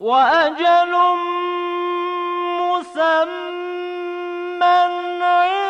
وأجل مسمى عند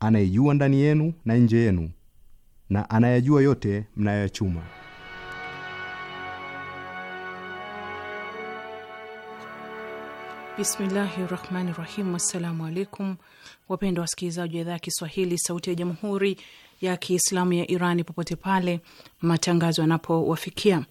anayejua ndani yenu na nje yenu na anayajua yote mnayoyachuma. Bismillahi rahmani rahim. Assalamu alaikum, wapendwa wasikilizaji wa idhaa ya Kiswahili sauti ya jamhuri ya Kiislamu ya Irani, popote pale matangazo yanapowafikia.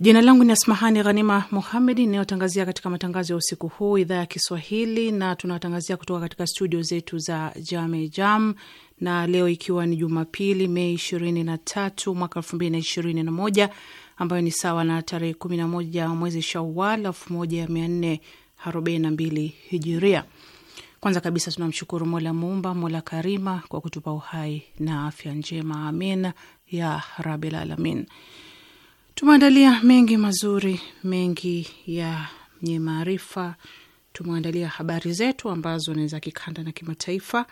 Jina langu ni Asmahani Ghanima Muhamed, inayotangazia katika matangazo ya usiku huu idhaa ya Kiswahili, na tunawatangazia kutoka katika studio zetu za Jame Jam, na leo ikiwa ni Jumapili, Mei 23 mwaka 2021 ambayo ni sawa na tarehe 11 mwezi Shawal 1442 Hijiria. Kwanza kabisa tunamshukuru Mola Muumba, Mola Karima kwa kutupa uhai na afya njema, amin ya rabil alamin. Tumeandalia mengi mazuri, mengi ya nye maarifa. Tumeandalia habari zetu ambazo ni za kikanda na kimataifa,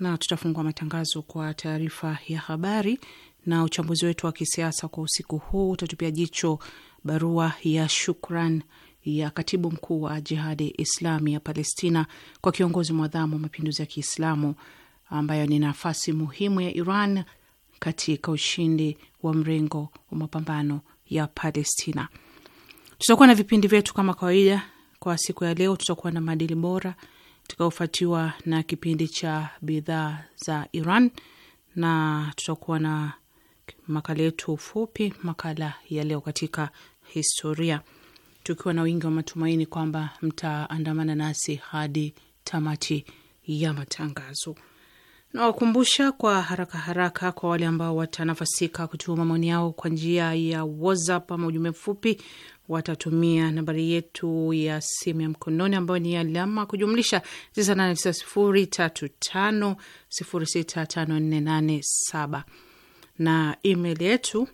na tutafungua matangazo kwa taarifa ya habari na uchambuzi wetu wa kisiasa kwa usiku huu utatupia jicho barua ya shukran ya katibu mkuu wa Jihadi Islami ya Palestina kwa kiongozi mwadhamu wa mapinduzi ya Kiislamu, ambayo ni nafasi muhimu ya Iran katika ushindi wa mrengo wa mapambano ya Palestina. Tutakuwa na vipindi vyetu kama kawaida. Kwa siku ya leo tutakuwa na maadili bora, tutakaofuatiwa na kipindi cha bidhaa za Iran na tutakuwa na makala yetu fupi, makala ya leo katika historia, tukiwa na wingi wa matumaini kwamba mtaandamana nasi hadi tamati ya matangazo. Nawakumbusha kwa haraka haraka kwa wale ambao watanafasika kutuma maoni yao kwa njia ya WhatsApp ama ujumbe mfupi, watatumia nambari yetu ya simu ya mkononi ambayo ni alama kujumlisha 989035065487 na email yetu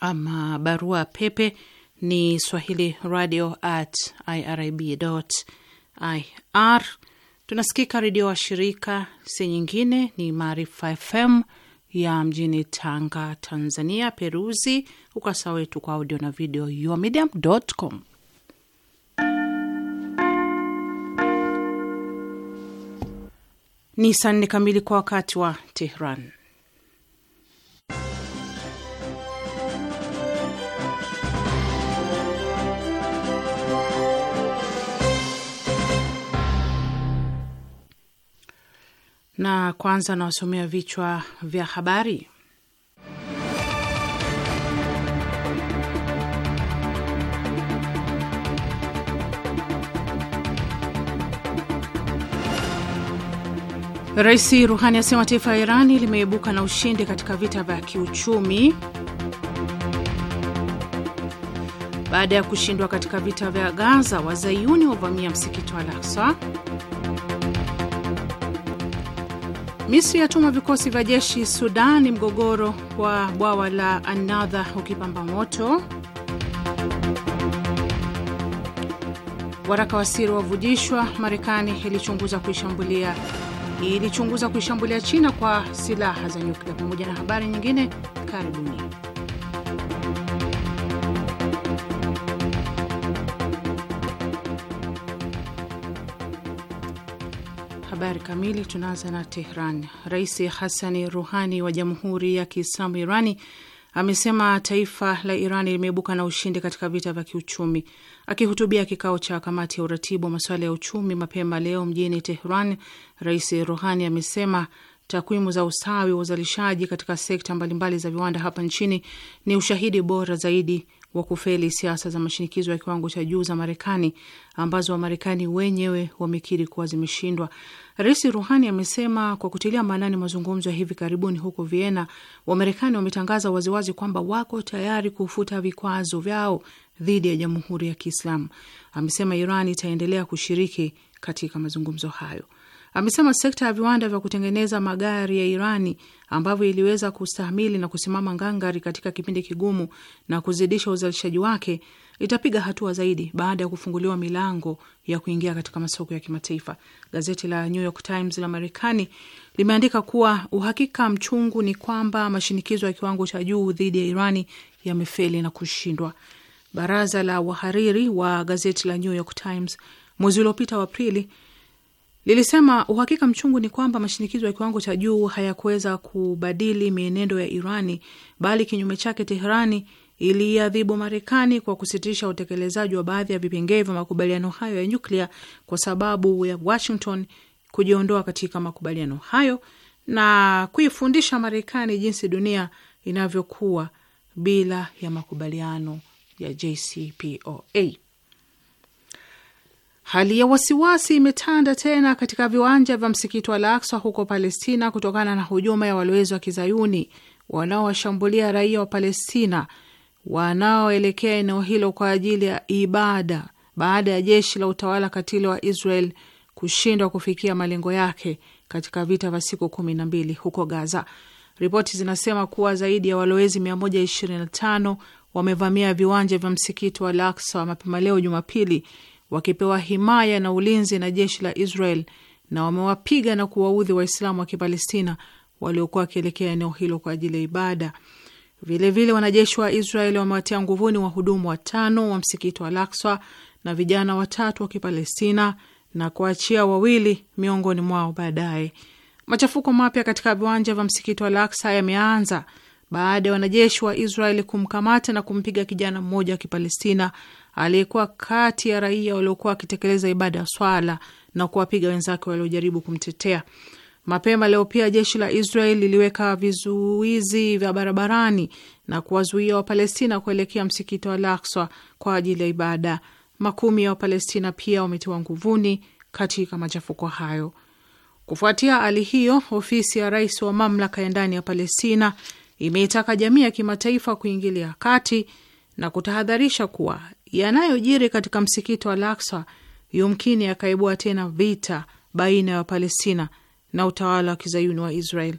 ama barua pepe ni swahili radio at irib ir Tunasikika redio wa shirika si nyingine ni Maarifa FM ya mjini Tanga, Tanzania. Peruzi ukurasa wetu kwa audio na video yourmedium.com. Ni saa nne kamili kwa wakati wa Tehran. na kwanza nawasomea vichwa vya habari. Rais Ruhani asema taifa la Irani limeibuka na ushindi katika vita vya kiuchumi baada ya kushindwa katika vita vya Gaza. Wazayuni wavamia msikiti wa Al-Aqsa. Misri yatuma vikosi vya jeshi Sudani, mgogoro wa bwawa la Anadha ukipamba moto. Waraka wa siri wavujishwa. Marekani ilichunguza kuishambulia ilichunguza kuishambulia China kwa silaha za nyuklia, pamoja na habari nyingine. Karibuni. Habari kamili tunaanza na Tehran. Rais Hasani Ruhani wa Jamhuri ya Kiislamu Irani amesema taifa la Irani limeibuka na ushindi katika vita vya kiuchumi. Akihutubia kikao cha kamati ya uratibu wa masuala ya uchumi mapema leo mjini Tehran, Rais Ruhani amesema takwimu za ustawi wa uzalishaji katika sekta mbalimbali za viwanda hapa nchini ni ushahidi bora zaidi wa kufeli siasa za mashinikizo ya kiwango cha juu za Marekani ambazo Wamarekani wenyewe wamekiri kuwa zimeshindwa. Rais Ruhani amesema kwa kutilia maanani mazungumzo ya hivi karibuni huko Vienna, Wamarekani wametangaza waziwazi kwamba wako tayari kufuta vikwazo vyao dhidi ya Jamhuri ya Kiislamu. Amesema Iran itaendelea kushiriki katika mazungumzo hayo. Amesema sekta ya viwanda vya kutengeneza magari ya Irani ambavyo iliweza kustahimili na kusimama ngangari katika kipindi kigumu na kuzidisha uzalishaji wake itapiga hatua zaidi baada ya kufunguliwa milango ya kuingia katika masoko ya kimataifa. Gazeti la New York Times la Marekani limeandika kuwa uhakika mchungu ni kwamba mashinikizo ya kiwango cha juu dhidi ya Irani yamefeli na kushindwa. Baraza la wahariri wa gazeti la New York Times mwezi uliopita wa Aprili lilisema uhakika mchungu ni kwamba mashinikizo ya kiwango cha juu hayakuweza kubadili mienendo ya Irani, bali kinyume chake Teherani iliadhibu Marekani kwa kusitisha utekelezaji wa baadhi ya vipengee vya makubaliano hayo ya nyuklia kwa sababu ya Washington kujiondoa katika makubaliano hayo na kuifundisha Marekani jinsi dunia inavyokuwa bila ya makubaliano ya JCPOA. Hali ya wasiwasi imetanda tena katika viwanja vya msikiti wa Al-Aqsa huko Palestina kutokana na hujuma ya walowezi wa kizayuni wanaowashambulia raia wa Palestina wanaoelekea eneo hilo kwa ajili ya ibada baada ya jeshi la utawala katili wa Israel kushindwa kufikia malengo yake katika vita vya siku kumi na mbili huko Gaza. Ripoti zinasema kuwa zaidi ya walowezi 125 wamevamia viwanja vya msikiti wa Al-Aqsa mapema leo Jumapili wakipewa himaya na ulinzi na jeshi la Israel na wamewapiga na kuwaudhi Waislamu wa Kipalestina waliokuwa wakielekea eneo hilo kwa ajili ya ibada. Vilevile, wanajeshi wa Israeli wamewatia nguvuni wahudumu watano wa msikiti wa Al-Aqsa na vijana watatu wa Kipalestina na kuachia wawili miongoni mwao baadaye. Machafuko mapya katika viwanja vya msikiti wa Al-Aqsa yameanza baada ya wanajeshi wa Israeli kumkamata na kumpiga kijana mmoja wa Kipalestina aliyekuwa kati ya raia waliokuwa wakitekeleza ibada ya swala na kuwapiga wenzake waliojaribu kumtetea. Mapema leo pia jeshi la Israel liliweka vizuizi vya barabarani na kuwazuia Wapalestina kuelekea msikiti wa Al-Aqsa kwa ajili ya ibada. Makumi ya Wapalestina pia wametiwa nguvuni katika machafuko hayo. Kufuatia hali hiyo, ofisi ya rais wa mamlaka ya ndani ya Palestina imeitaka jamii ya kimataifa kuingilia kati na kutahadharisha kuwa yanayojiri katika msikiti wa Al-Aqsa yumkini yakaibua tena vita baina ya Wapalestina na utawala wa kizayuni wa Israel.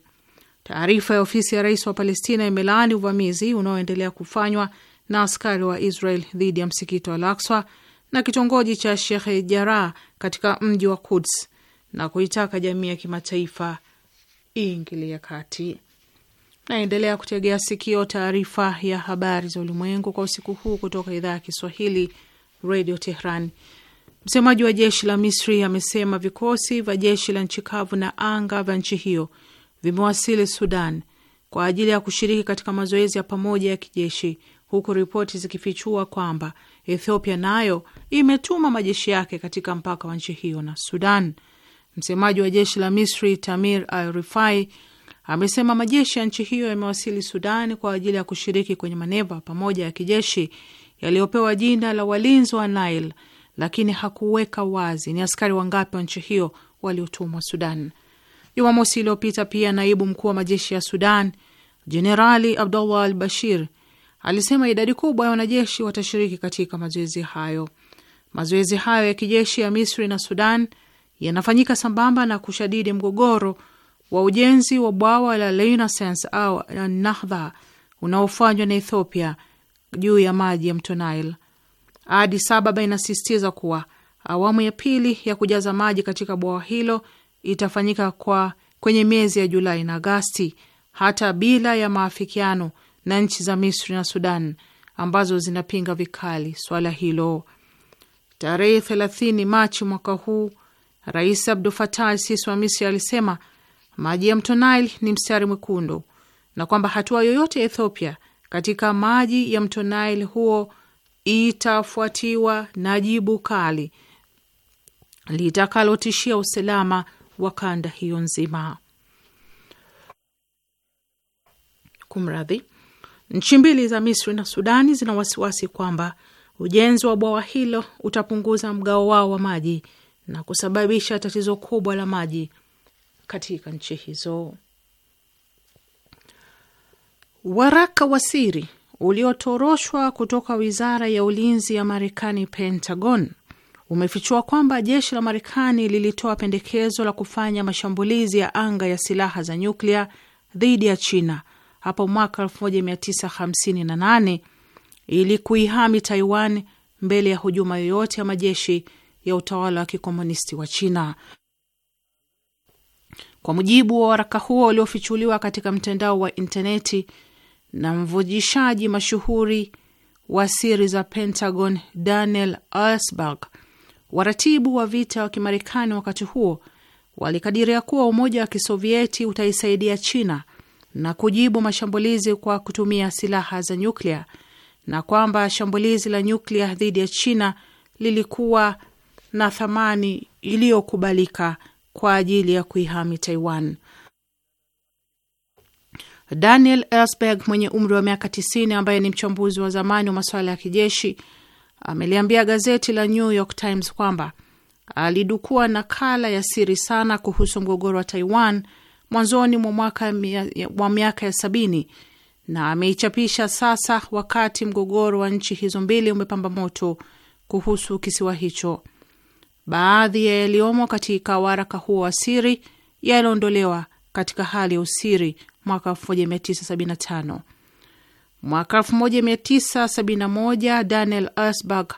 Taarifa ya ofisi ya rais wa Palestina imelaani uvamizi unaoendelea kufanywa na askari wa Israel dhidi ya msikiti wa Al-Aqsa na kitongoji cha Sheikh Jarrah katika mji wa Quds na kuitaka jamii ya kimataifa iingilie kati. Naendelea kutegea sikio taarifa ya habari za ulimwengu kwa usiku huu kutoka idhaa ya Kiswahili Radio Tehran. Msemaji wa jeshi la Misri amesema vikosi vya jeshi la nchi kavu na anga vya nchi hiyo vimewasili Sudan kwa ajili ya kushiriki katika mazoezi ya pamoja ya kijeshi, huku ripoti zikifichua kwamba Ethiopia nayo imetuma majeshi yake katika mpaka wa nchi hiyo na Sudan. Msemaji wa jeshi la Misri Tamir Al Rifai amesema majeshi ya nchi hiyo yamewasili Sudani kwa ajili ya kushiriki kwenye maneva pamoja ya kijeshi yaliyopewa jina la walinzi wa Nile, lakini hakuweka wazi ni askari wangapi wa nchi hiyo waliotumwa Sudan. Jumamosi iliyopita pia naibu mkuu wa majeshi ya Sudan Jenerali Abdullah al Bashir alisema idadi kubwa ya wanajeshi watashiriki katika mazoezi hayo. Mazoezi hayo ya kijeshi ya Misri na Sudan yanafanyika sambamba na kushadidi mgogoro wa ujenzi wa bwawa la Renaissance au Nahdha unaofanywa na Ethiopia juu ya maji ya mto Nile. Addis Ababa inasisitiza kuwa awamu ya pili ya kujaza maji katika bwawa hilo itafanyika kwa kwenye miezi ya Julai na Agasti, hata bila ya maafikiano na nchi za Misri na Sudan ambazo zinapinga vikali swala hilo. Tarehe 30 Machi mwaka huu, Rais Abdul Fatah Sisi wa Misri alisema maji ya mto Nile ni mstari mwekundu na kwamba hatua yoyote ya Ethiopia katika maji ya mto Nile huo itafuatiwa na jibu kali litakalotishia usalama wa kanda hiyo nzima. Kumradhi, nchi mbili za Misri na Sudani zina wasiwasi kwamba ujenzi wa bwawa hilo utapunguza mgao wao wa maji na kusababisha tatizo kubwa la maji katika nchi hizo. Waraka wa siri uliotoroshwa kutoka wizara ya ulinzi ya Marekani, Pentagon, umefichua kwamba jeshi la Marekani lilitoa pendekezo la kufanya mashambulizi ya anga ya silaha za nyuklia dhidi ya China hapo mwaka 1958 ili kuihami Taiwan mbele ya hujuma yoyote ya majeshi ya utawala wa kikomunisti wa China. Kwa mujibu wa waraka huo uliofichuliwa katika mtandao wa intaneti na mvujishaji mashuhuri wa siri za Pentagon Daniel Ellsberg, waratibu wa vita wa Kimarekani wakati huo walikadiria kuwa Umoja wa Kisovieti utaisaidia China na kujibu mashambulizi kwa kutumia silaha za nyuklia na kwamba shambulizi la nyuklia dhidi ya China lilikuwa na thamani iliyokubalika kwa ajili ya kuihami Taiwan. Daniel Ellsberg mwenye umri wa miaka 90 ambaye ni mchambuzi wa zamani wa masuala ya kijeshi ameliambia gazeti la New York Times kwamba alidukua nakala ya siri sana kuhusu mgogoro wa Taiwan mwanzoni mwa mwaka wa miaka ya sabini na ameichapisha sasa, wakati mgogoro wa nchi hizo mbili umepamba moto kuhusu kisiwa hicho. Baadhi ya yaliyomo katika waraka huo wa siri yaliondolewa katika hali ya usiri mwaka 1975. Mwaka 1971 Daniel Ellsberg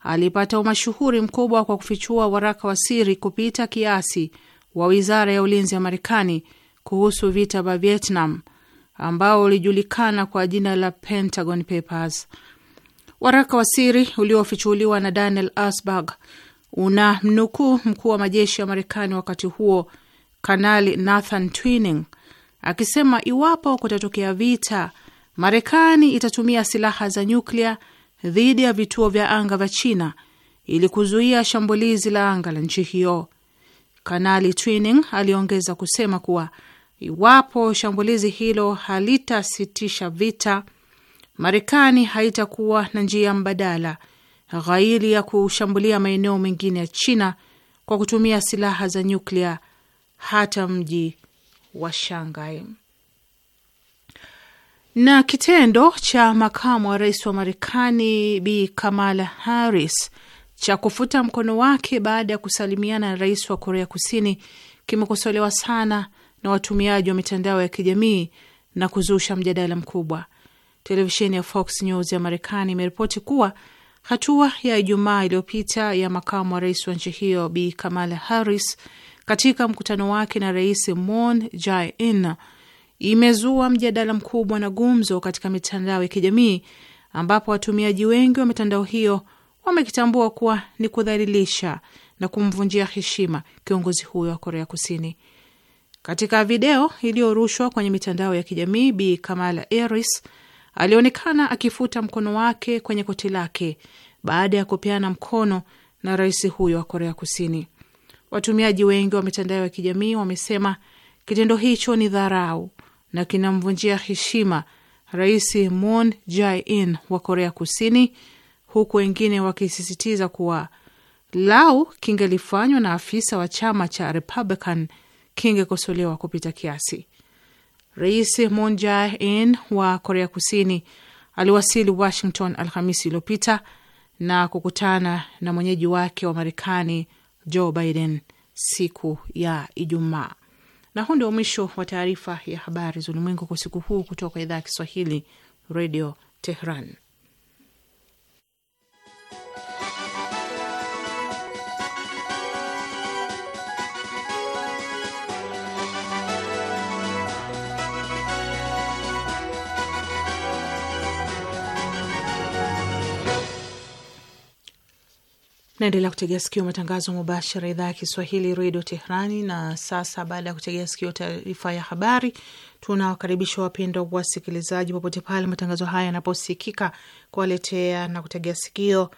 alipata umashuhuri mkubwa kwa kufichua waraka wa siri kupita kiasi wa wizara ya ulinzi ya Marekani kuhusu vita vya Vietnam ambao ulijulikana kwa jina la Pentagon Papers. Waraka wa siri uliofichuliwa na Daniel Ellsberg una mnukuu mkuu wa majeshi ya Marekani wakati huo Kanali Nathan Twining akisema iwapo kutatokea vita, Marekani itatumia silaha za nyuklia dhidi ya vituo vya anga vya China ili kuzuia shambulizi la anga la nchi hiyo. Kanali Twining aliongeza kusema kuwa iwapo shambulizi hilo halitasitisha vita, Marekani haitakuwa na njia mbadala ghairi ya kushambulia maeneo mengine ya China kwa kutumia silaha za nyuklia hata mji wa Shanghai. Na kitendo cha makamu wa rais wa Marekani Bi Kamala Harris cha kufuta mkono wake baada ya kusalimiana na rais wa Korea Kusini kimekosolewa sana na watumiaji wa mitandao ya kijamii na kuzusha mjadala mkubwa. Televisheni ya Fox News ya Marekani imeripoti kuwa Hatua ya Ijumaa iliyopita ya makamu wa rais wa nchi hiyo Bi Kamala Harris katika mkutano wake na rais Moon Jae-in imezua mjadala mkubwa na gumzo katika mitandao ya kijamii, ambapo watumiaji wengi wa mitandao hiyo wamekitambua kuwa ni kudhalilisha na kumvunjia heshima kiongozi huyo wa Korea Kusini. Katika video iliyorushwa kwenye mitandao ya kijamii Bi Kamala Harris alionekana akifuta mkono wake kwenye koti lake baada ya kupeana mkono na rais huyo wa Korea Kusini. Watumiaji wengi wa mitandao ya kijamii wamesema kitendo hicho ni dharau na kinamvunjia heshima Rais Moon Jae-in wa Korea Kusini, huku wengine wakisisitiza kuwa lau kingelifanywa na afisa wa chama cha Republican kingekosolewa kupita kiasi. Rais Moon Jae-in wa Korea Kusini aliwasili Washington Alhamisi iliyopita na kukutana na mwenyeji wake wa Marekani Joe Biden siku ya Ijumaa. Na huu ndio mwisho wa taarifa ya habari za ulimwengu kwa siku huu kutoka idhaa ya Kiswahili, Radio Tehran. Naendelea kutegea sikio matangazo mubashara idhaa ya Kiswahili redio Tehrani. Na sasa baada ya kutegea sikio taarifa ya habari, tunawakaribisha wapendwa wasikilizaji popote pale matangazo haya yanaposikika kuwaletea na kutegea sikio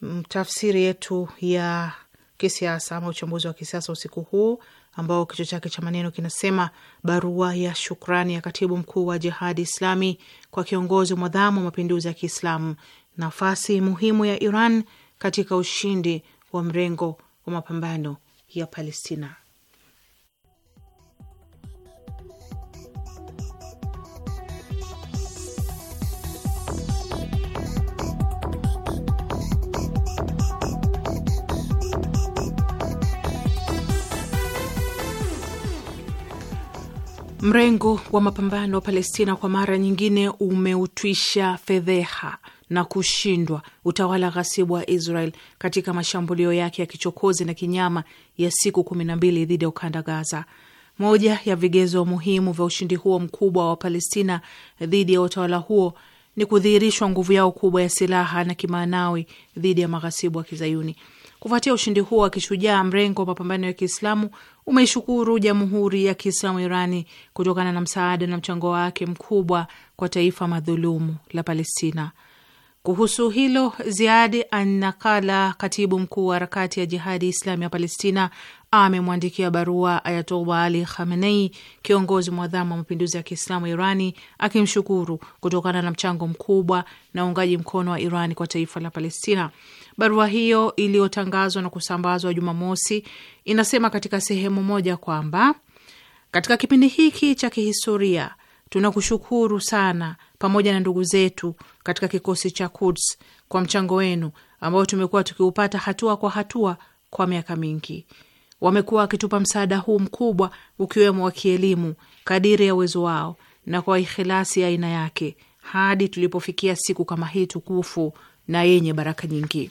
mm, tafsiri yetu ya kisiasa ama uchambuzi wa kisiasa usiku huu ambao kichwa chake cha maneno kinasema barua ya shukrani ya katibu mkuu wa Jihadi Islami kwa kiongozi mwadhamu wa mapinduzi ya Kiislamu, nafasi muhimu ya Iran katika ushindi wa mrengo wa mapambano ya Palestina. Mrengo wa mapambano wa Palestina kwa mara nyingine umeutwisha fedheha na kushindwa utawala ghasibu wa Israel katika mashambulio yake ya kichokozi na kinyama ya siku kumi na mbili dhidi ya ukanda Gaza. Moja ya vigezo muhimu vya ushindi huo mkubwa wa Palestina dhidi ya utawala huo ni kudhihirishwa nguvu yao kubwa ya silaha na kimaanawi dhidi ya maghasibu wa Kizayuni. Kufuatia ushindi huo wa kishujaa, mrengo wa mapambano ya Kiislamu umeishukuru Jamhuri ya Kiislamu Irani kutokana na msaada na mchango wake mkubwa kwa taifa madhulumu la Palestina. Kuhusu hilo, Ziadi Annakala, katibu mkuu wa harakati ya Jihadi Islami ya Palestina, amemwandikia barua Ayatollah Ali Khamenei, kiongozi mwadhamu wa mapinduzi ya Kiislamu Irani, akimshukuru kutokana na mchango mkubwa na uungaji mkono wa Irani kwa taifa la Palestina. Barua hiyo iliyotangazwa na kusambazwa Jumamosi inasema katika sehemu moja kwamba katika kipindi hiki cha kihistoria tunakushukuru sana pamoja na ndugu zetu katika kikosi cha Quds kwa mchango wenu ambao tumekuwa tukiupata hatua kwa hatua kwa miaka mingi. Wamekuwa wakitupa msaada huu mkubwa, ukiwemo wa kielimu kadiri ya uwezo wao na kwa ikhilasi ya aina yake, hadi tulipofikia siku kama hii tukufu na yenye baraka nyingi.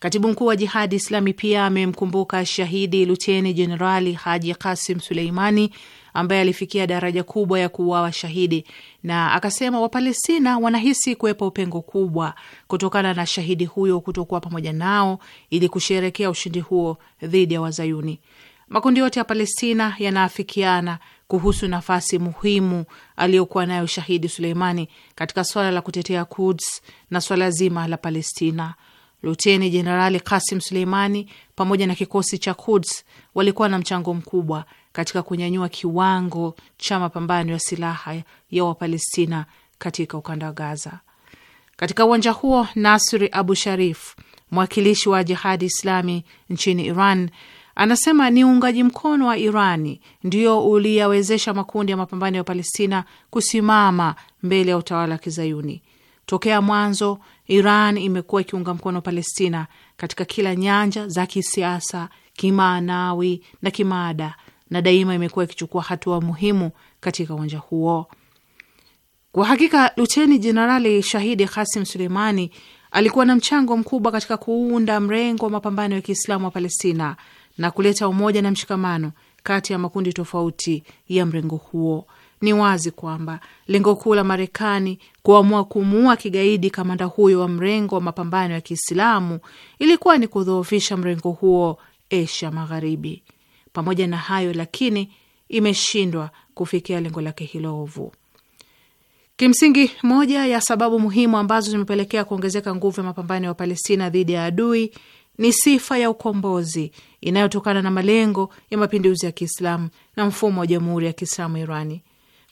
Katibu mkuu wa Jihadi Islami pia amemkumbuka shahidi luteni jenerali Haji Kasim Suleimani ambaye alifikia daraja kubwa ya kuuawa shahidi, na akasema Wapalestina wanahisi kuwepo upengo kubwa kutokana na shahidi huyo kutokuwa pamoja nao ili kusherekea ushindi huo dhidi ya Wazayuni. Makundi yote ya Palestina yanaafikiana kuhusu nafasi muhimu aliyokuwa nayo shahidi Suleimani katika swala la kutetea Kuds na swala zima la Palestina. Luteni Jenerali Kasim Suleimani pamoja na kikosi cha Kuds walikuwa na mchango mkubwa katika kunyanyua kiwango cha mapambano ya silaha ya Wapalestina katika ukanda wa Gaza. Katika uwanja huo, Nasri Abu Sharif, mwakilishi wa Jihadi Islami nchini Iran, anasema ni uungaji mkono wa Irani ndio uliyawezesha makundi ya mapambano ya Palestina kusimama mbele ya utawala wa Kizayuni. Tokea mwanzo, Iran imekuwa ikiunga mkono Palestina katika kila nyanja za kisiasa, kimaanawi na kimaada na daima imekuwa ikichukua hatua muhimu katika uwanja huo. Kwa hakika, Luteni Jenerali Shahidi Kasim Suleimani alikuwa na mchango mkubwa katika kuunda mrengo wa mapambano ya Kiislamu wa Palestina na kuleta umoja na mshikamano kati ya makundi tofauti ya mrengo huo. Ni wazi kwamba lengo kuu la Marekani kuamua kumuua kigaidi kamanda huyo wa mrengo wa mapambano ya Kiislamu ilikuwa ni kudhoofisha mrengo huo Asia Magharibi. Pamoja na hayo lakini, imeshindwa kufikia lengo lake hilo ovu. Kimsingi, moja ya sababu muhimu ambazo zimepelekea kuongezeka nguvu ya mapambano ya Wapalestina dhidi ya adui ni sifa ya ukombozi inayotokana na malengo ya mapinduzi ya Kiislamu na mfumo wa jamhuri ya Kiislamu Irani.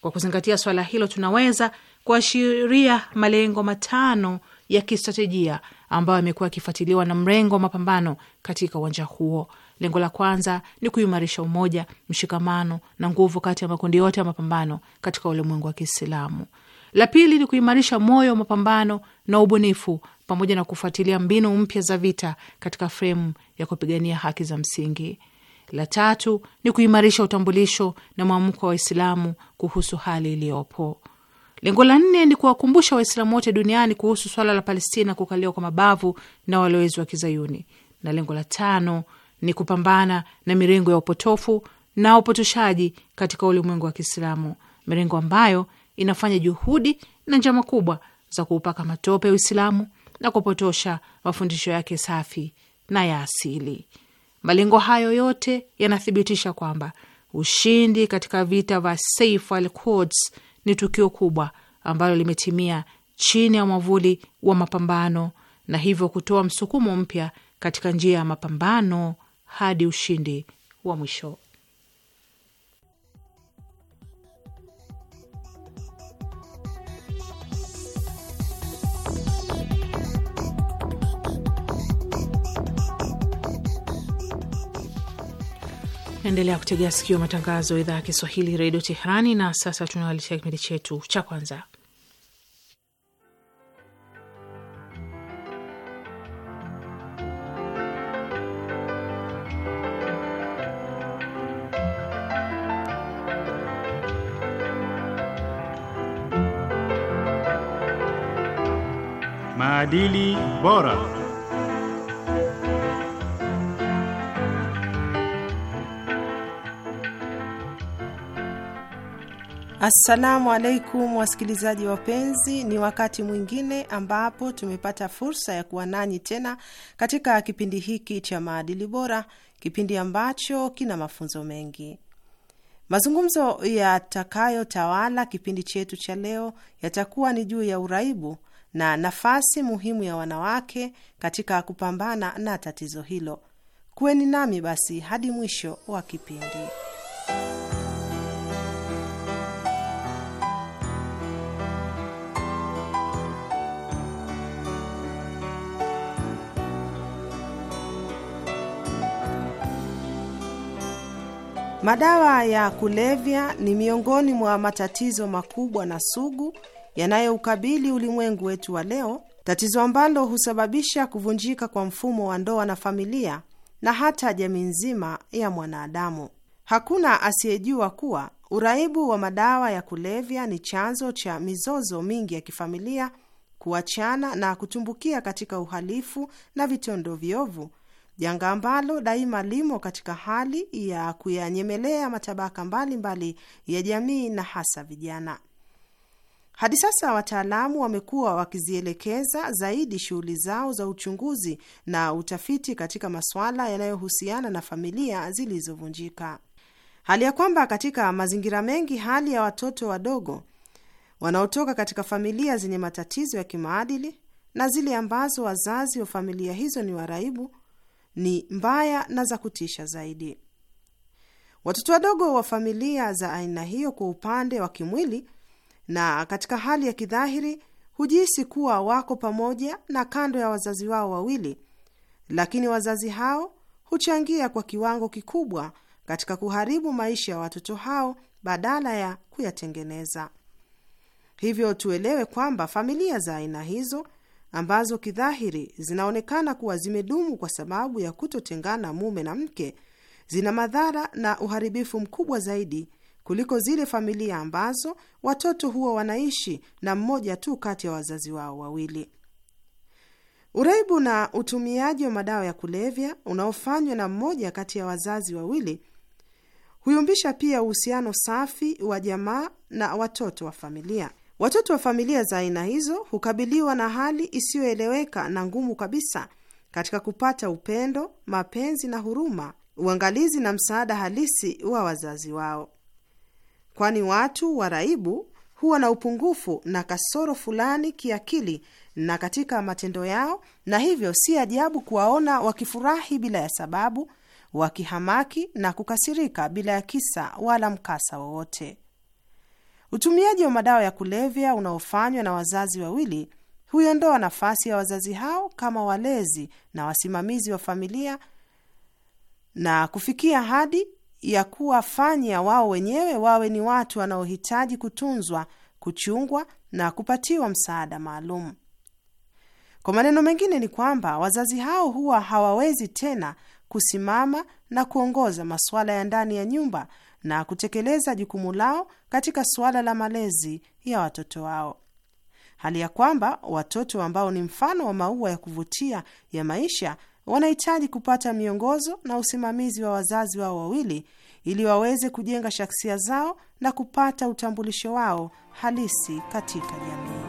Kwa kuzingatia swala hilo, tunaweza kuashiria malengo matano ya kistratejia ambayo yamekuwa yakifuatiliwa na mrengo wa mapambano katika uwanja huo. Lengo la kwanza ni kuimarisha umoja, mshikamano na nguvu kati ya makundi yote ya mapambano katika ulimwengu wa Kiislamu. La pili ni kuimarisha moyo wa mapambano na ubunifu pamoja na kufuatilia mbinu mpya za vita katika fremu ya kupigania haki za msingi. La tatu ni kuimarisha utambulisho na mwamko wa Waislamu kuhusu hali iliyopo. Lengo la nne ni kuwakumbusha Waislamu wote duniani kuhusu swala la Palestina kukaliwa kwa mabavu na walowezi wa Kizayuni, na lengo la tano ni kupambana na mirengo ya upotofu na upotoshaji katika ulimwengu wa Kiislamu, mirengo ambayo inafanya juhudi na njama kubwa za kuupaka matope Uislamu na kupotosha mafundisho yake safi na ya asili. Malengo hayo yote yanathibitisha kwamba ushindi katika vita vya Saif al-Quds ni tukio kubwa ambalo limetimia chini ya mwavuli wa mapambano na hivyo kutoa msukumo mpya katika njia ya mapambano hadi ushindi wa mwisho. Naendelea kutegea sikio matangazo ya idhaa ya Kiswahili redio Teherani. Na sasa tunawalisha kipindi chetu cha kwanza Maadili bora. Assalamu alaikum wasikilizaji wapenzi, ni wakati mwingine ambapo tumepata fursa ya kuwa nanyi tena katika kipindi hiki cha maadili bora, kipindi ambacho kina mafunzo mengi. Mazungumzo yatakayotawala kipindi chetu cha leo yatakuwa ni juu ya uraibu na nafasi muhimu ya wanawake katika kupambana na tatizo hilo. Kuweni nami basi hadi mwisho wa kipindi. Madawa ya kulevya ni miongoni mwa matatizo makubwa na sugu yanayoukabili ulimwengu wetu wa leo, tatizo ambalo husababisha kuvunjika kwa mfumo wa ndoa na familia na hata jamii nzima ya mwanadamu. Hakuna asiyejua kuwa uraibu wa madawa ya kulevya ni chanzo cha mizozo mingi ya kifamilia, kuachana na kutumbukia katika uhalifu na vitendo viovu, janga ambalo daima limo katika hali ya kuyanyemelea matabaka mbalimbali mbali ya jamii na hasa vijana. Hadi sasa wataalamu wamekuwa wakizielekeza zaidi shughuli zao za uchunguzi na utafiti katika masuala yanayohusiana na familia zilizovunjika, hali ya kwamba katika mazingira mengi hali ya watoto wadogo wanaotoka katika familia zenye matatizo ya kimaadili na zile ambazo wazazi wa familia hizo ni waraibu ni mbaya na za kutisha zaidi. Watoto wadogo wa familia za aina hiyo, kwa upande wa kimwili na katika hali ya kidhahiri hujihisi kuwa wako pamoja na kando ya wazazi wao wawili, lakini wazazi hao huchangia kwa kiwango kikubwa katika kuharibu maisha ya watoto hao badala ya kuyatengeneza. Hivyo tuelewe kwamba familia za aina hizo ambazo kidhahiri zinaonekana kuwa zimedumu kwa sababu ya kutotengana mume na mke, zina madhara na uharibifu mkubwa zaidi kuliko zile familia ambazo watoto huwa wanaishi na mmoja tu kati ya wazazi wao wawili. Uraibu na utumiaji wa madawa ya kulevya unaofanywa na mmoja kati ya wazazi wawili huyumbisha pia uhusiano safi wa jamaa na watoto wa familia. Watoto wa familia za aina hizo hukabiliwa na hali isiyoeleweka na ngumu kabisa katika kupata upendo, mapenzi na huruma, uangalizi na msaada halisi wa wazazi wao kwani watu waraibu huwa na upungufu na kasoro fulani kiakili na katika matendo yao, na hivyo si ajabu kuwaona wakifurahi bila ya sababu, wakihamaki na kukasirika bila ya kisa wala mkasa wowote. Utumiaji wa madawa ya kulevya unaofanywa na wazazi wawili huiondoa nafasi ya wazazi hao kama walezi na wasimamizi wa familia na kufikia hadi ya kuwafanya wao wenyewe wawe ni watu wanaohitaji kutunzwa, kuchungwa na kupatiwa msaada maalum. Kwa maneno mengine, ni kwamba wazazi hao huwa hawawezi tena kusimama na kuongoza masuala ya ndani ya nyumba na kutekeleza jukumu lao katika suala la malezi ya watoto wao, hali ya kwamba watoto ambao ni mfano wa maua ya kuvutia ya maisha wanahitaji kupata miongozo na usimamizi wa wazazi wao wawili ili waweze kujenga shaksia zao na kupata utambulisho wao halisi katika jamii.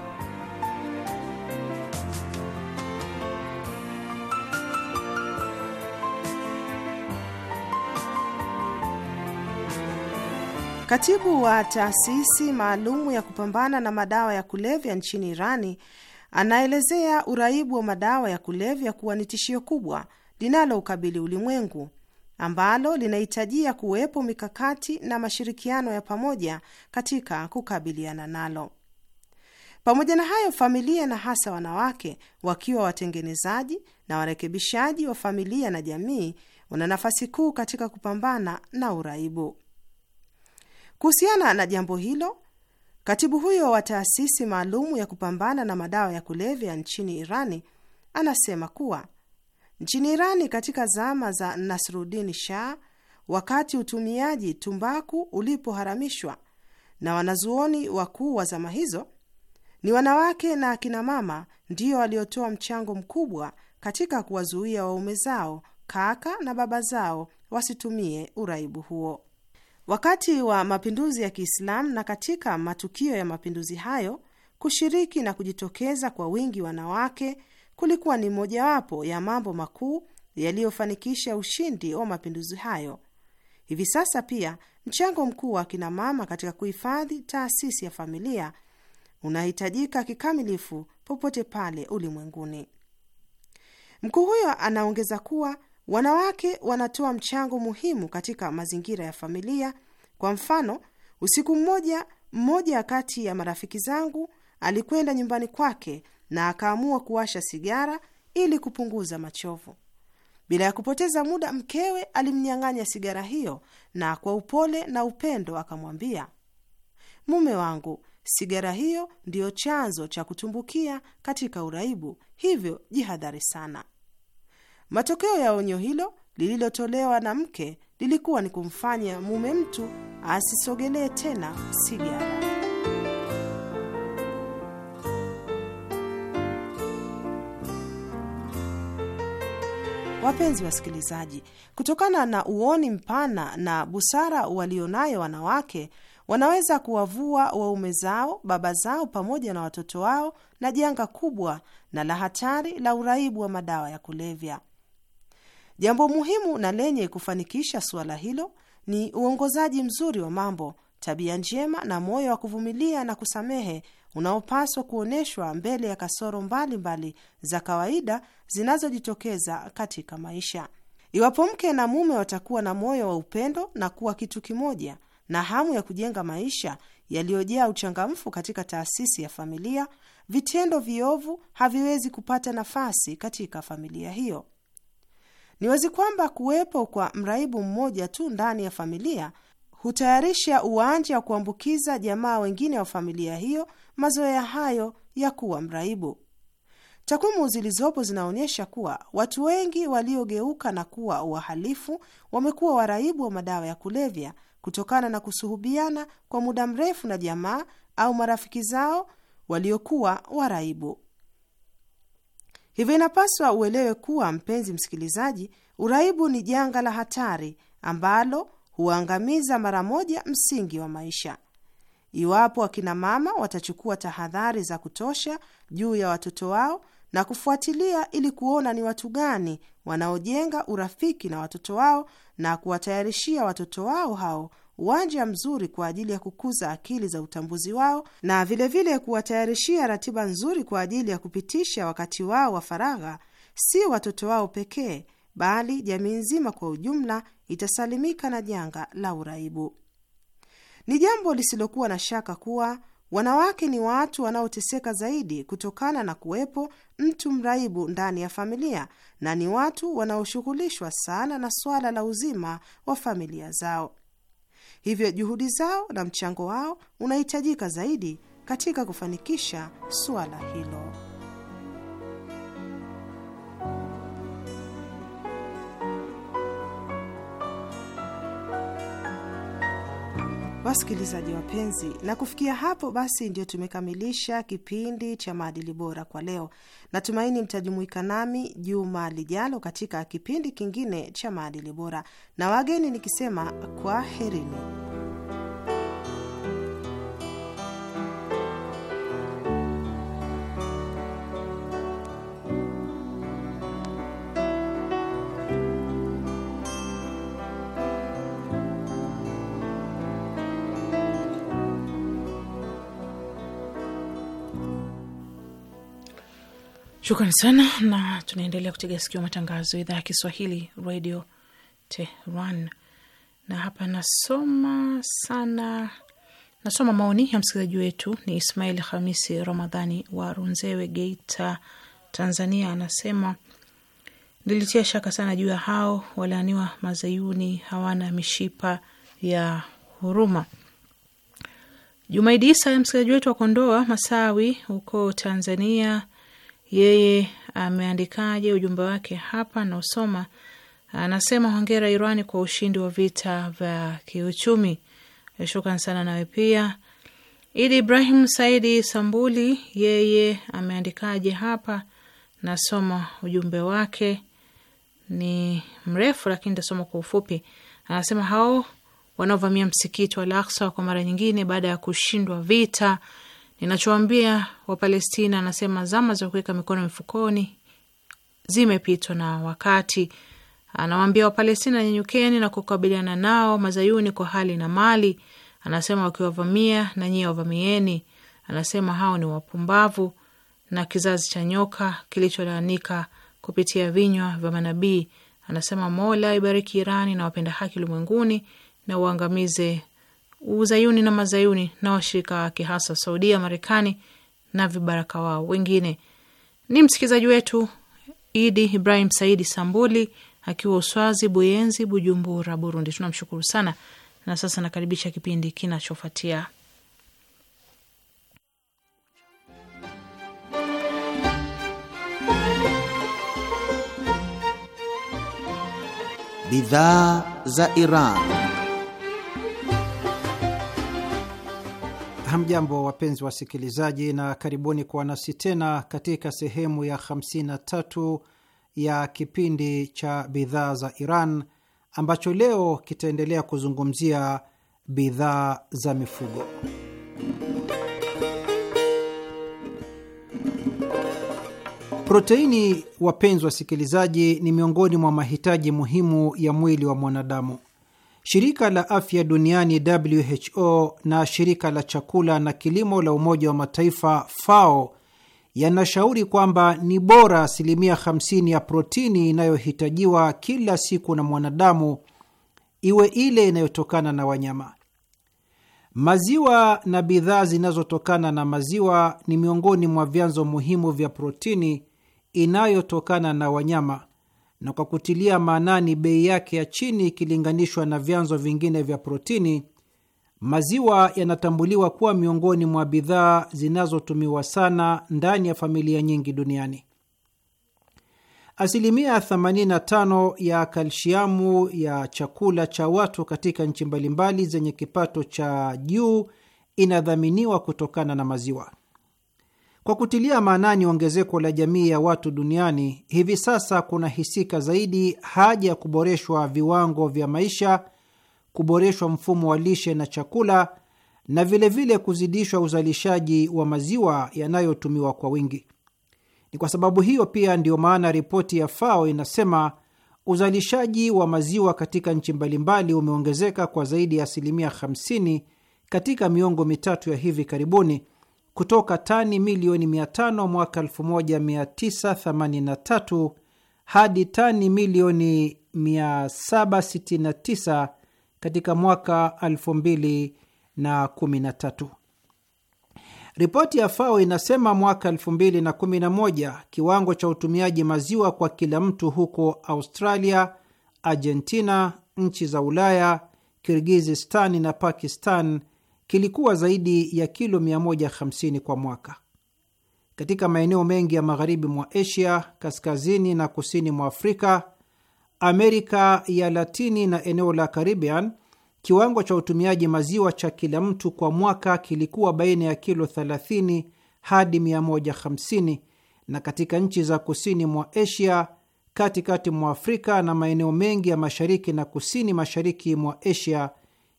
Katibu wa taasisi maalumu ya kupambana na madawa ya kulevya nchini Irani Anaelezea uraibu wa madawa ya kulevya kuwa ni tishio kubwa linaloukabili ulimwengu ambalo linahitajia kuwepo mikakati na mashirikiano ya pamoja katika kukabiliana nalo. Pamoja na hayo, familia na hasa wanawake, wakiwa watengenezaji na warekebishaji wa familia na jamii, wana nafasi kuu katika kupambana na uraibu. Kuhusiana na jambo hilo, Katibu huyo wa taasisi maalumu ya kupambana na madawa ya kulevya nchini Irani anasema kuwa nchini Irani katika zama za Nasrudin Shah, wakati utumiaji tumbaku ulipoharamishwa na wanazuoni wakuu wa zama hizo, ni wanawake na akinamama ndiyo waliotoa mchango mkubwa katika kuwazuia waume zao, kaka na baba zao wasitumie uraibu huo wakati wa mapinduzi ya Kiislamu na katika matukio ya mapinduzi hayo, kushiriki na kujitokeza kwa wingi wanawake kulikuwa ni mojawapo ya mambo makuu yaliyofanikisha ushindi wa mapinduzi hayo. Hivi sasa pia mchango mkuu wa kinamama katika kuhifadhi taasisi ya familia unahitajika kikamilifu popote pale ulimwenguni. Mkuu huyo anaongeza kuwa Wanawake wanatoa mchango muhimu katika mazingira ya familia. Kwa mfano, usiku mmoja, mmoja kati ya marafiki zangu alikwenda nyumbani kwake na akaamua kuwasha sigara ili kupunguza machovu. Bila ya kupoteza muda, mkewe alimnyang'anya sigara hiyo, na kwa upole na upendo akamwambia, mume wangu, sigara hiyo ndiyo chanzo cha kutumbukia katika uraibu, hivyo jihadhari sana. Matokeo ya onyo hilo lililotolewa na mke lilikuwa ni kumfanya mume mtu asisogelee tena sigara. Wapenzi wasikilizaji, kutokana na uoni mpana na busara walionayo wanawake, wanaweza kuwavua waume zao, baba zao, pamoja na watoto wao na janga kubwa na la hatari la uraibu wa madawa ya kulevya. Jambo muhimu na lenye kufanikisha suala hilo ni uongozaji mzuri wa mambo, tabia njema na moyo wa kuvumilia na kusamehe unaopaswa kuonyeshwa mbele ya kasoro mbalimbali mbali za kawaida zinazojitokeza katika maisha. Iwapo mke na mume watakuwa na moyo wa upendo na kuwa kitu kimoja na hamu ya kujenga maisha yaliyojaa uchangamfu katika taasisi ya familia, vitendo viovu haviwezi kupata nafasi katika familia hiyo. Ni wazi kwamba kuwepo kwa mraibu mmoja tu ndani ya familia hutayarisha uwanja wa kuambukiza jamaa wengine wa familia hiyo mazoea hayo ya kuwa mraibu. Takwimu zilizopo zinaonyesha kuwa watu wengi waliogeuka na kuwa wahalifu wamekuwa waraibu wa madawa ya kulevya kutokana na kusuhubiana kwa muda mrefu na jamaa au marafiki zao waliokuwa waraibu. Hivyo inapaswa uelewe kuwa, mpenzi msikilizaji, uraibu ni janga la hatari ambalo huangamiza mara moja msingi wa maisha. Iwapo akina mama watachukua tahadhari za kutosha juu ya watoto wao na kufuatilia ili kuona ni watu gani wanaojenga urafiki na watoto wao na kuwatayarishia watoto wao hao waja mzuri kwa ajili ya kukuza akili za utambuzi wao na vilevile kuwatayarishia ratiba nzuri kwa ajili ya kupitisha wakati wao wa faragha, si watoto wao pekee, bali jamii nzima kwa ujumla itasalimika na janga la uraibu. Ni jambo lisilokuwa na shaka kuwa wanawake ni watu wanaoteseka zaidi kutokana na kuwepo mtu mraibu ndani ya familia na ni watu wanaoshughulishwa sana na suala la uzima wa familia zao. Hivyo juhudi zao na mchango wao unahitajika zaidi katika kufanikisha suala hilo. Wasikilizaji wapenzi, na kufikia hapo basi ndio tumekamilisha kipindi cha maadili bora kwa leo. Natumaini mtajumuika nami juma lijalo katika kipindi kingine cha maadili bora, na wageni nikisema kwaherini. shukran sana, na tunaendelea kutega sikio matangazo ya idhaa ya Kiswahili Radio Tehran. Na hapa nasoma sana, nasoma maoni ya msikilizaji wetu ni Ismail Hamisi Ramadhani wa Runzewe, Geita, Tanzania. Anasema nilitia shaka sana juu ya hao walaaniwa Mazayuni, hawana mishipa ya huruma. Jumaidi Isa msikilizaji wetu wa Kondoa Masawi huko Tanzania yeye ameandikaje ujumbe wake hapa na usoma. Anasema hongera Irani kwa ushindi wa vita vya kiuchumi. Eh, shukran sana nawe pia. Idi Ibrahim Saidi Sambuli, yeye ameandikaje hapa, nasoma ujumbe wake ni mrefu lakini nitasoma kwa ufupi. Anasema hao wanaovamia msikiti wa Al-Aqsa kwa mara nyingine baada ya kushindwa vita Ninachoambia Wapalestina, anasema zama za kuweka mikono mifukoni zimepitwa na wakati. Anawaambia Wapalestina, nyenyukeni na kukabiliana nao mazayuni kwa hali na mali. Anasema wakiwavamia na nyie wavamieni. Anasema hao ni wapumbavu na kizazi cha nyoka kilicholaanika kupitia vinywa vya manabii. Anasema Mola ibariki Irani na wapenda haki ulimwenguni na uangamize Uzayuni na Mazayuni na washirika wake hasa Saudia, Marekani na vibaraka wao wengine. Ni msikilizaji wetu Idi Ibrahim Saidi Sambuli akiwa Uswazi, Buyenzi, Bujumbura, Burundi. Tunamshukuru sana, na sasa nakaribisha kipindi kinachofuatia. Bidhaa za Iran. Hamjambo, wapenzi wasikilizaji, na karibuni kwa nasi tena katika sehemu ya 53 ya kipindi cha bidhaa za Iran ambacho leo kitaendelea kuzungumzia bidhaa za mifugo. Proteini, wapenzi wasikilizaji, ni miongoni mwa mahitaji muhimu ya mwili wa mwanadamu. Shirika la Afya Duniani WHO na Shirika la Chakula na Kilimo la Umoja wa Mataifa FAO yanashauri kwamba ni bora asilimia 50 ya protini inayohitajiwa kila siku na mwanadamu iwe ile inayotokana na wanyama. Maziwa na bidhaa zinazotokana na maziwa ni miongoni mwa vyanzo muhimu vya protini inayotokana na wanyama na kwa kutilia maanani bei yake ya chini ikilinganishwa na vyanzo vingine vya protini, maziwa yanatambuliwa kuwa miongoni mwa bidhaa zinazotumiwa sana ndani ya familia nyingi duniani. Asilimia 85 ya kalsiamu ya chakula cha watu katika nchi mbalimbali zenye kipato cha juu inadhaminiwa kutokana na maziwa. Kwa kutilia maanani ongezeko la jamii ya watu duniani, hivi sasa kunahisika zaidi haja ya kuboreshwa viwango vya maisha, kuboreshwa mfumo wa lishe na chakula, na vilevile vile kuzidishwa uzalishaji wa maziwa yanayotumiwa kwa wingi. Ni kwa sababu hiyo pia ndiyo maana ripoti ya FAO inasema uzalishaji wa maziwa katika nchi mbalimbali umeongezeka kwa zaidi ya asilimia 50 katika miongo mitatu ya hivi karibuni kutoka tani milioni 500 mwaka 1983 hadi tani milioni 769 katika mwaka 2013. Ripoti ya FAO inasema mwaka 2011 kiwango cha utumiaji maziwa kwa kila mtu huko Australia, Argentina, nchi za Ulaya, Kirgizistani na Pakistan kilikuwa zaidi ya kilo 150 kwa mwaka. Katika maeneo mengi ya magharibi mwa Asia, kaskazini na kusini mwa Afrika, Amerika ya Latini na eneo la Caribbean, kiwango cha utumiaji maziwa cha kila mtu kwa mwaka kilikuwa baina ya kilo 30 hadi 150, na katika nchi za kusini mwa Asia, katikati mwa Afrika na maeneo mengi ya mashariki na kusini mashariki mwa Asia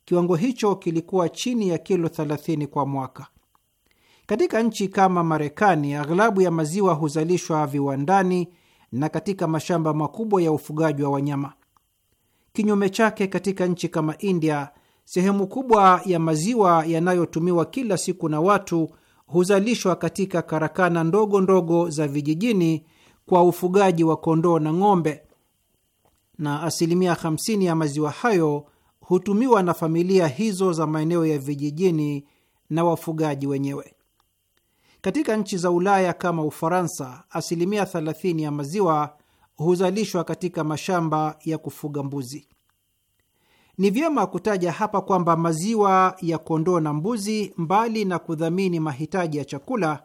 kiwango hicho kilikuwa chini ya kilo 30 kwa mwaka. Katika nchi kama Marekani, aghlabu ya maziwa huzalishwa viwandani na katika mashamba makubwa ya ufugaji wa wanyama. Kinyume chake, katika nchi kama India, sehemu kubwa ya maziwa yanayotumiwa kila siku na watu huzalishwa katika karakana ndogo ndogo za vijijini kwa ufugaji wa kondoo na ng'ombe, na asilimia 50 ya maziwa hayo hutumiwa na familia hizo za maeneo ya vijijini na wafugaji wenyewe. Katika nchi za Ulaya kama Ufaransa, asilimia 30 ya maziwa huzalishwa katika mashamba ya kufuga mbuzi. Ni vyema kutaja hapa kwamba maziwa ya kondoo na mbuzi, mbali na kudhamini mahitaji ya chakula,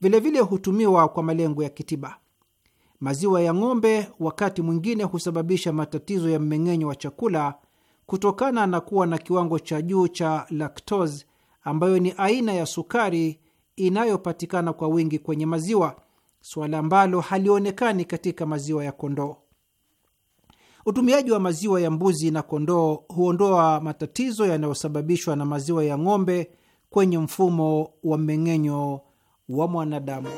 vilevile vile hutumiwa kwa malengo ya kitiba. Maziwa ya ng'ombe wakati mwingine husababisha matatizo ya mmeng'enyo wa chakula kutokana na kuwa na kiwango cha juu cha lactose ambayo ni aina ya sukari inayopatikana kwa wingi kwenye maziwa, suala ambalo halionekani katika maziwa ya kondoo. Utumiaji wa maziwa ya mbuzi na kondoo huondoa matatizo yanayosababishwa na maziwa ya ng'ombe kwenye mfumo wa mmeng'enyo wa mwanadamu.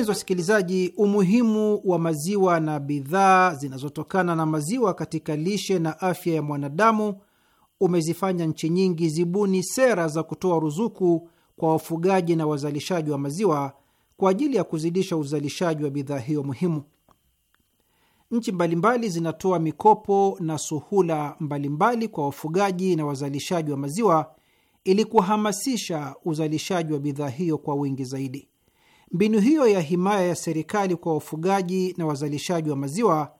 Wapenzi wasikilizaji, umuhimu wa maziwa na bidhaa zinazotokana na maziwa katika lishe na afya ya mwanadamu umezifanya nchi nyingi zibuni sera za kutoa ruzuku kwa wafugaji na wazalishaji wa maziwa kwa ajili ya kuzidisha uzalishaji wa bidhaa hiyo muhimu. Nchi mbalimbali zinatoa mikopo na suhula mbalimbali kwa wafugaji na wazalishaji wa maziwa ili kuhamasisha uzalishaji wa bidhaa hiyo kwa wingi zaidi. Mbinu hiyo ya himaya ya serikali kwa wafugaji na wazalishaji wa maziwa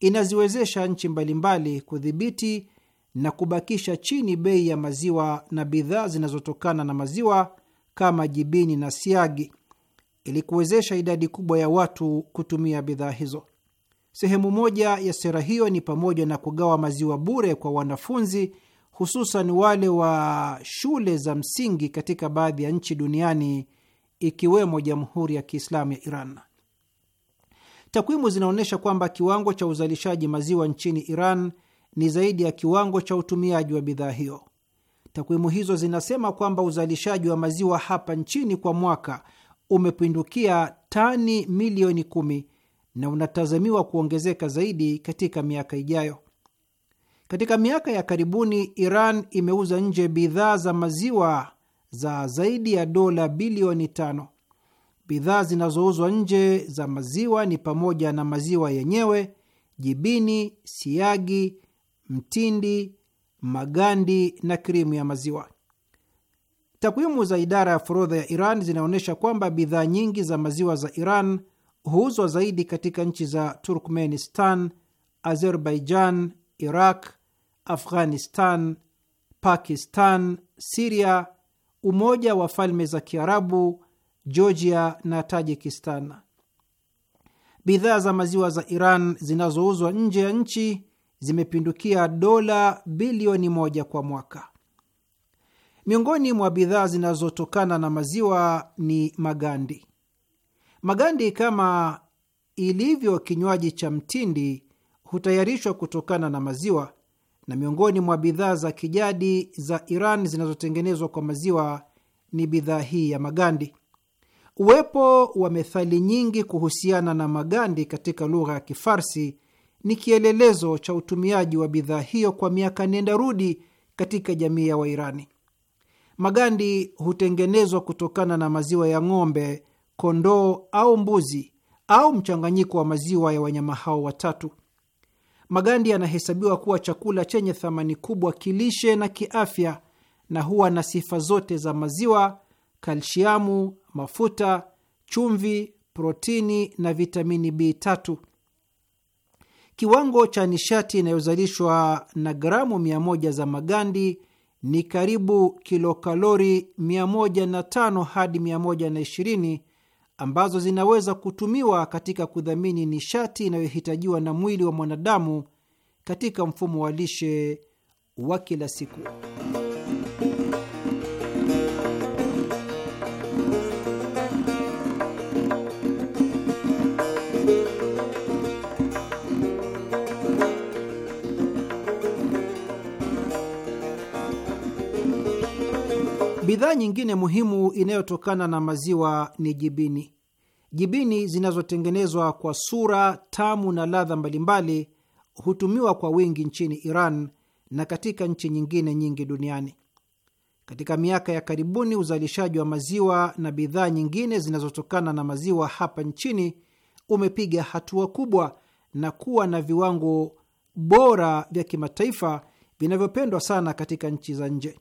inaziwezesha nchi mbalimbali kudhibiti na kubakisha chini bei ya maziwa na bidhaa zinazotokana na maziwa kama jibini na siagi ili kuwezesha idadi kubwa ya watu kutumia bidhaa hizo. Sehemu moja ya sera hiyo ni pamoja na kugawa maziwa bure kwa wanafunzi, hususan wale wa shule za msingi katika baadhi ya nchi duniani ikiwemo Jamhuri ya Kiislamu ya Iran. Takwimu zinaonyesha kwamba kiwango cha uzalishaji maziwa nchini Iran ni zaidi ya kiwango cha utumiaji wa bidhaa hiyo. Takwimu hizo zinasema kwamba uzalishaji wa maziwa hapa nchini kwa mwaka umepindukia tani milioni kumi na unatazamiwa kuongezeka zaidi katika miaka ijayo. Katika miaka ya karibuni, Iran imeuza nje bidhaa za maziwa za zaidi ya dola bilioni tano. Bidhaa zinazouzwa nje za maziwa ni pamoja na maziwa yenyewe, jibini, siagi, mtindi, magandi na krimu ya maziwa. Takwimu za idara ya forodha ya Iran zinaonyesha kwamba bidhaa nyingi za maziwa za Iran huuzwa zaidi katika nchi za Turkmenistan, Azerbaijan, Iraq, Afghanistan, Pakistan, Siria, Umoja wa Falme za Kiarabu, Georgia na Tajikistan. Bidhaa za maziwa za Iran zinazouzwa nje ya nchi zimepindukia dola bilioni moja kwa mwaka. Miongoni mwa bidhaa zinazotokana na maziwa ni magandi. Magandi kama ilivyo kinywaji cha mtindi hutayarishwa kutokana na maziwa na miongoni mwa bidhaa za kijadi za Iran zinazotengenezwa kwa maziwa ni bidhaa hii ya magandi. Uwepo wa methali nyingi kuhusiana na magandi katika lugha ya Kifarsi ni kielelezo cha utumiaji wa bidhaa hiyo kwa miaka nenda rudi katika jamii ya Wairani. Magandi hutengenezwa kutokana na maziwa ya ng'ombe, kondoo au mbuzi au mchanganyiko wa maziwa ya wanyama hao watatu. Magandi yanahesabiwa kuwa chakula chenye thamani kubwa kilishe na kiafya, na huwa na sifa zote za maziwa, kalsiamu, mafuta, chumvi, protini na vitamini B3. Kiwango cha nishati inayozalishwa na gramu 100 za magandi ni karibu kilokalori 105 hadi 120 ambazo zinaweza kutumiwa katika kudhamini nishati inayohitajiwa na mwili wa mwanadamu katika mfumo wa lishe wa kila siku. Bidhaa nyingine muhimu inayotokana na maziwa ni jibini jibini zinazotengenezwa kwa sura tamu na ladha mbalimbali hutumiwa kwa wingi nchini Iran na katika nchi nyingine nyingi duniani. Katika miaka ya karibuni, uzalishaji wa maziwa na bidhaa nyingine zinazotokana na maziwa hapa nchini umepiga hatua kubwa na kuwa na viwango bora vya kimataifa vinavyopendwa sana katika nchi za nje.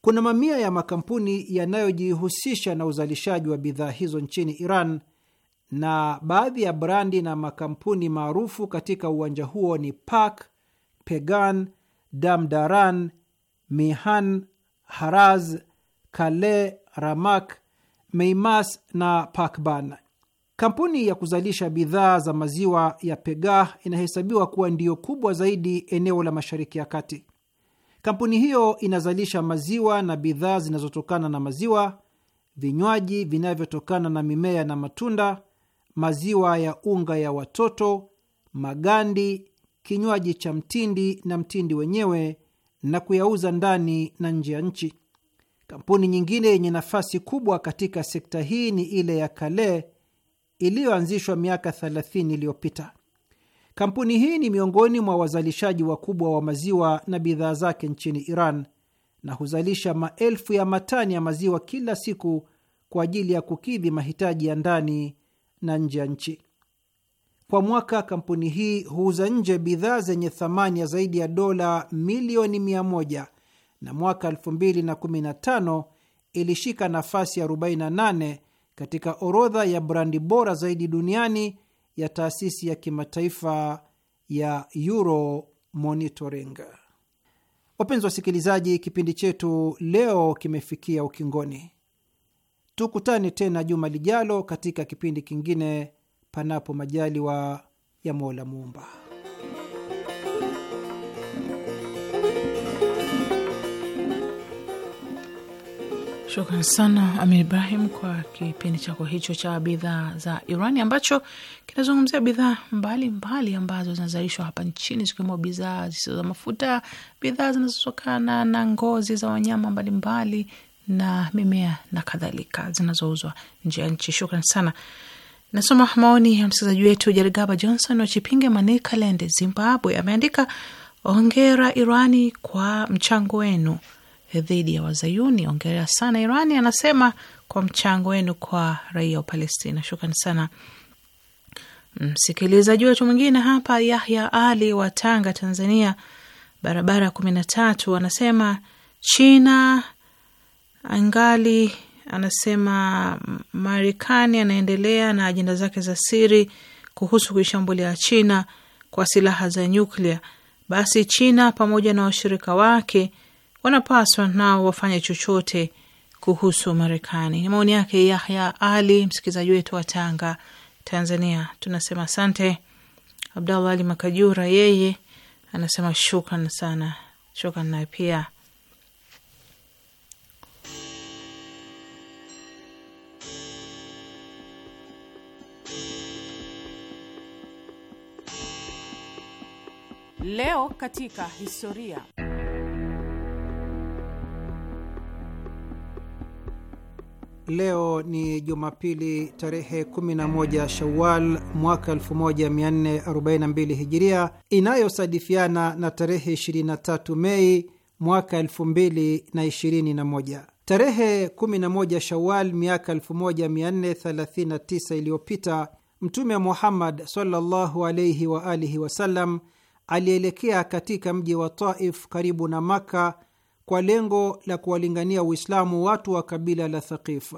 Kuna mamia ya makampuni yanayojihusisha na uzalishaji wa bidhaa hizo nchini Iran, na baadhi ya brandi na makampuni maarufu katika uwanja huo ni Pak, Pegan, Damdaran, Mihan, Haraz, Kale, Ramak, Meimas na Pakban. Kampuni ya kuzalisha bidhaa za maziwa ya Pegah inahesabiwa kuwa ndiyo kubwa zaidi eneo la Mashariki ya Kati. Kampuni hiyo inazalisha maziwa na bidhaa zinazotokana na maziwa, vinywaji vinavyotokana na mimea na matunda, maziwa ya unga ya watoto, magandi, kinywaji cha mtindi na mtindi wenyewe, na kuyauza ndani na nje ya nchi. Kampuni nyingine yenye nafasi kubwa katika sekta hii ni ile ya Kale iliyoanzishwa miaka 30 iliyopita. Kampuni hii ni miongoni mwa wazalishaji wakubwa wa maziwa na bidhaa zake nchini Iran na huzalisha maelfu ya matani ya maziwa kila siku kwa ajili ya kukidhi mahitaji ya ndani na nje ya nchi. Kwa mwaka kampuni hii huuza nje bidhaa zenye thamani ya zaidi ya dola milioni mia moja na mwaka 2015 ilishika nafasi ya 48 katika orodha ya brandi bora zaidi duniani ya taasisi ya kimataifa ya Euro Monitoring. Wapenzi wasikilizaji, kipindi chetu leo kimefikia ukingoni. Tukutane tena juma lijalo katika kipindi kingine, panapo majaliwa ya Mola Muumba. Shukran sana Amir Ibrahim kwa kipindi chako hicho cha bidhaa za Irani ambacho kinazungumzia bidhaa mbalimbali ambazo zinazalishwa hapa nchini zikiwemo bidhaa zisizo za mafuta, bidhaa zinazotokana na ngozi za wanyama mbalimbali na mimea na kadhalika zinazouzwa nje ya nchi. Shukran sana. Nasoma maoni ya msikilizaji wetu Jarigaba Johnson wa Chipinge, Manicaland, Zimbabwe. Ameandika, ongera Irani kwa mchango wenu dhidi ya Wazayuni. Ongera sana Irani, anasema kwa mchango wenu kwa raia wa Palestina. Shukrani sana msikilizaji wetu mwingine hapa, Yahya Ali wa Tanga, Tanzania, barabara kumi na tatu, anasema China angali anasema Marekani anaendelea na ajenda zake za siri kuhusu kuishambulia China kwa silaha za nyuklia. Basi China pamoja na washirika wake wanapaswa nao wafanye chochote kuhusu Marekani. Ni maoni yake Yahya Ali, msikilizaji wetu wa Tanga, Tanzania. Tunasema asante. Abdallah Ali Makajura yeye anasema shukran sana, shukran naye pia. Leo katika historia Leo ni Jumapili tarehe 11 Shawal mwaka 1442 Hijiria, inayosadifiana na tarehe 23 Mei mwaka 2021. Tarehe 11 Shawal miaka 1439 iliyopita Mtume Muhammad sallallahu alaihi wasallam alielekea katika mji wa Taif karibu na Maka kwa lengo la kuwalingania Uislamu watu wa kabila la Thaqif.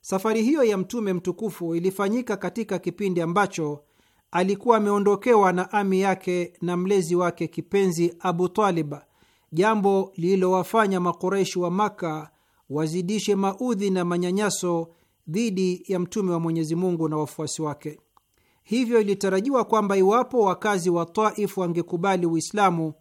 Safari hiyo ya Mtume mtukufu ilifanyika katika kipindi ambacho alikuwa ameondokewa na ami yake na mlezi wake kipenzi Abu Talib, jambo lililowafanya Makuraishi wa Makka wazidishe maudhi na manyanyaso dhidi ya Mtume wa Mwenyezi Mungu na wafuasi wake. Hivyo ilitarajiwa kwamba iwapo wakazi wa Taif wangekubali Uislamu,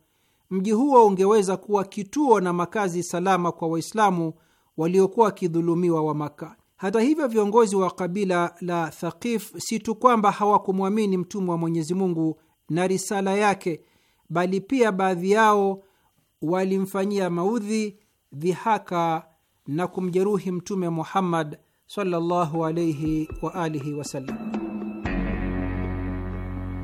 mji huo ungeweza kuwa kituo na makazi salama kwa Waislamu waliokuwa wakidhulumiwa wa Maka. Hata hivyo, viongozi wa kabila la Thaqif si tu kwamba hawakumwamini mtumwa wa Mwenyezi Mungu na risala yake, bali pia baadhi yao walimfanyia maudhi, dhihaka na kumjeruhi Mtume Muhammad sallallahu alaihi wa alihi wasallam.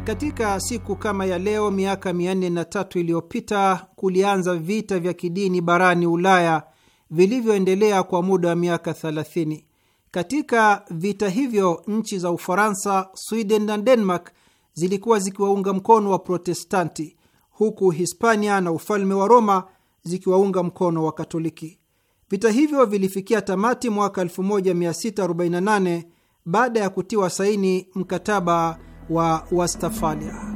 Katika siku kama ya leo miaka 403 iliyopita kulianza vita vya kidini barani Ulaya vilivyoendelea kwa muda wa miaka 30. Katika vita hivyo nchi za Ufaransa, Sweden na Denmark zilikuwa zikiwaunga mkono wa Protestanti, huku Hispania na ufalme wa Roma zikiwaunga mkono wa Katoliki. Vita hivyo vilifikia tamati mwaka 1648 baada ya kutiwa saini mkataba wa Wastfalia.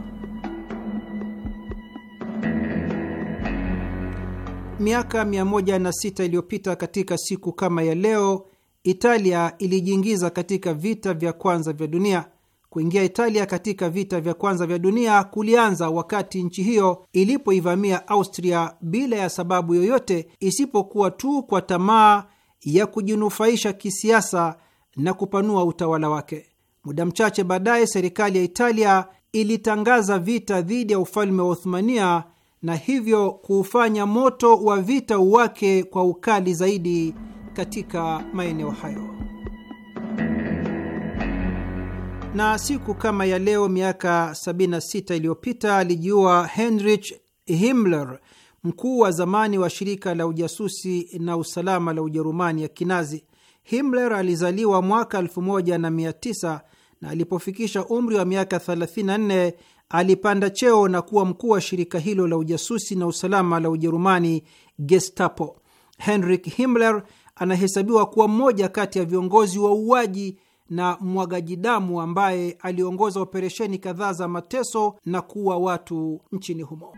Miaka 106 iliyopita katika siku kama ya leo, Italia ilijiingiza katika vita vya kwanza vya dunia. Kuingia Italia katika vita vya kwanza vya dunia kulianza wakati nchi hiyo ilipoivamia Austria bila ya sababu yoyote isipokuwa tu kwa tamaa ya kujinufaisha kisiasa na kupanua utawala wake. Muda mchache baadaye, serikali ya Italia ilitangaza vita dhidi ya ufalme wa Uthmania na hivyo kuufanya moto wa vita uwake kwa ukali zaidi katika maeneo hayo. Na siku kama ya leo miaka 76 iliyopita alijiua Heinrich Himmler, mkuu wa zamani wa shirika la ujasusi na usalama la Ujerumani ya Kinazi. Himmler alizaliwa mwaka 1900 na alipofikisha umri wa miaka 34 alipanda cheo na kuwa mkuu wa shirika hilo la ujasusi na usalama la Ujerumani, Gestapo. Henrik Himmler anahesabiwa kuwa mmoja kati ya viongozi wa uwaji na mwagaji damu ambaye aliongoza operesheni kadhaa za mateso na kuua watu nchini humo.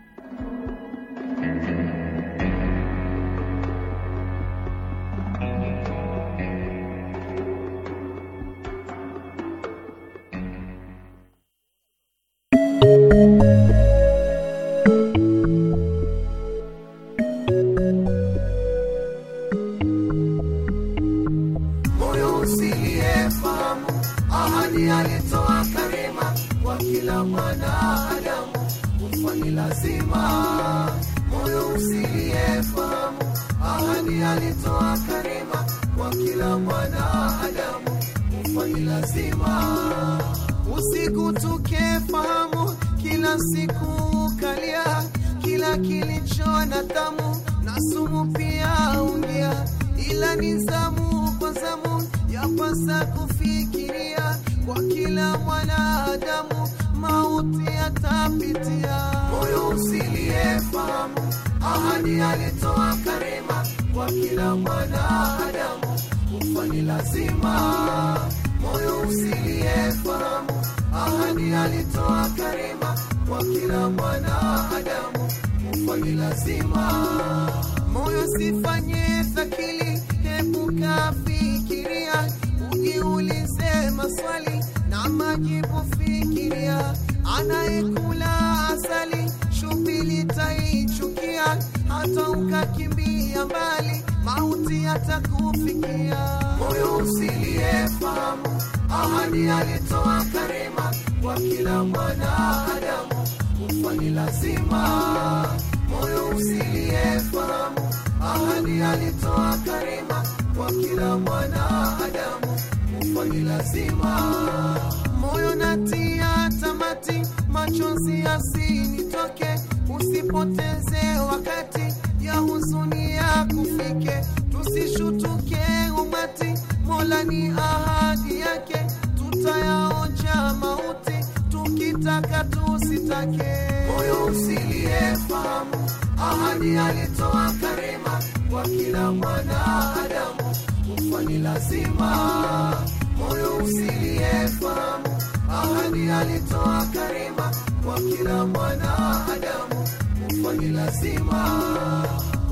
ya kufike, tusishutuke umati. Mola ni ahadi yake, tutayaonja mauti tukitaka tusitake. Huyu msiliyefahamu ahadi alitoa karima kwa kila mwanadamu, kufa ni lazima. Moyo usiliyefahamu ahadi alitoa karima kwa kila mwanadamu, kufa ni lazima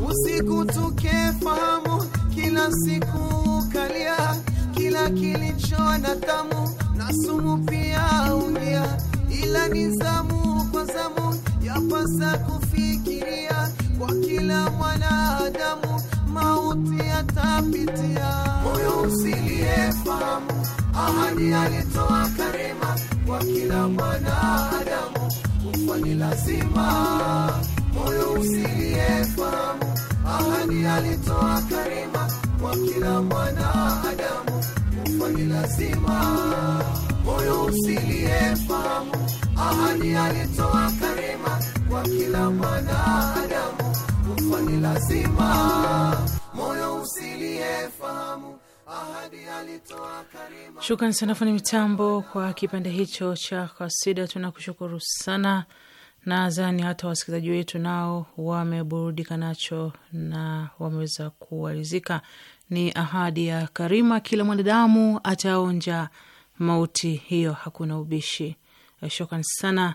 usiku tukefahamu, kila siku kalia, kila kilicho na tamu na sumu pia ungia, ila ni zamu kwa zamu, yapasa kufikiria kwa kila mwanadamu, mauti yatapitia. Moyo usiliyefahamu, ahadi alitoa karima kwa kila mwanadamu, kufa ni lazima moyo usiliyefahamu. Ahadi alitoa karima kwa kila mwanadamu, kufa ni lazima. Moyo usiliyefahamu, ahadi alitoa karima kwa kila mwanadamu, kufa ni lazima. Moyo usiliyefahamu Shukran sana fundi mitambo kwa kipande hicho cha kasida. Tunakushukuru sana. Nadhani hata wasikilizaji wetu nao wameburudika nacho na wameweza kuwarizika. Ni ahadi ya Karima, kila mwanadamu ataonja mauti hiyo, hakuna ubishi. Shukran sana.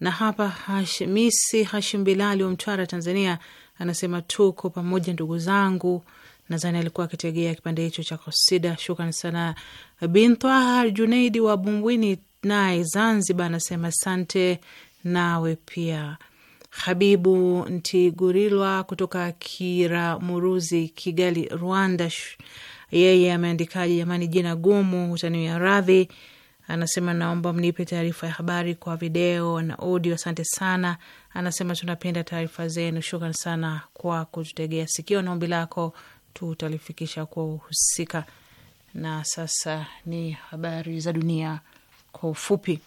Na hapa Hashimisi Hashim Bilali wa Mtwara, Tanzania, anasema tuko pamoja ndugu zangu. Nadhani alikuwa akitegea kipande hicho cha kosida. Shukran sana. Bintwahar Junaidi wa Bumbwini naye Zanzibar anasema sante nawe pia. Habibu Ntigurilwa kutoka kira muruzi Kigali, Rwanda, yeye ameandikaje? Jamani, jina gumu, utaniwia radhi. Anasema naomba mnipe taarifa ya habari kwa video na audio. Asante sana. Anasema tunapenda taarifa zenu, shukran sana kwa kututegea sikio, na ombi lako tutalifikisha kwa uhusika. Na sasa ni habari za dunia kwa ufupi.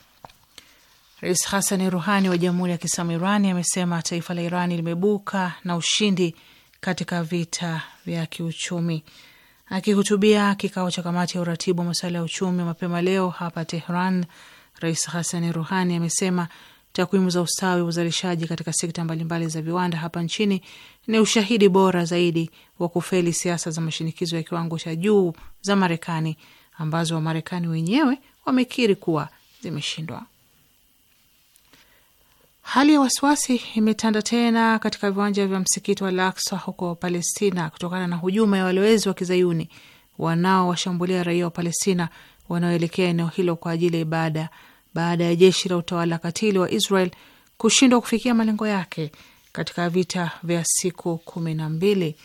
Rais Hasani Ruhani wa Jamhuri ya Kiislamu Irani amesema taifa la Irani limebuka na ushindi katika vita vya kiuchumi. Akihutubia kikao cha kamati ya uratibu wa masuala ya uchumi mapema leo hapa Tehran, Rais Hasani Ruhani amesema takwimu za ustawi wa uzalishaji katika sekta mbalimbali za viwanda hapa nchini ni ushahidi bora zaidi wa kufeli siasa za mashinikizo ya kiwango cha juu za Marekani ambazo Wamarekani wenyewe wamekiri kuwa zimeshindwa. Hali ya wasiwasi imetanda tena katika viwanja vya msikiti wa Al-Aqsa huko Palestina kutokana na hujuma ya walowezi wa kizayuni wanaowashambulia raia wa Palestina wanaoelekea eneo hilo kwa ajili ya ibada baada ya jeshi la utawala katili wa Israel kushindwa kufikia malengo yake katika vita vya siku kumi na mbili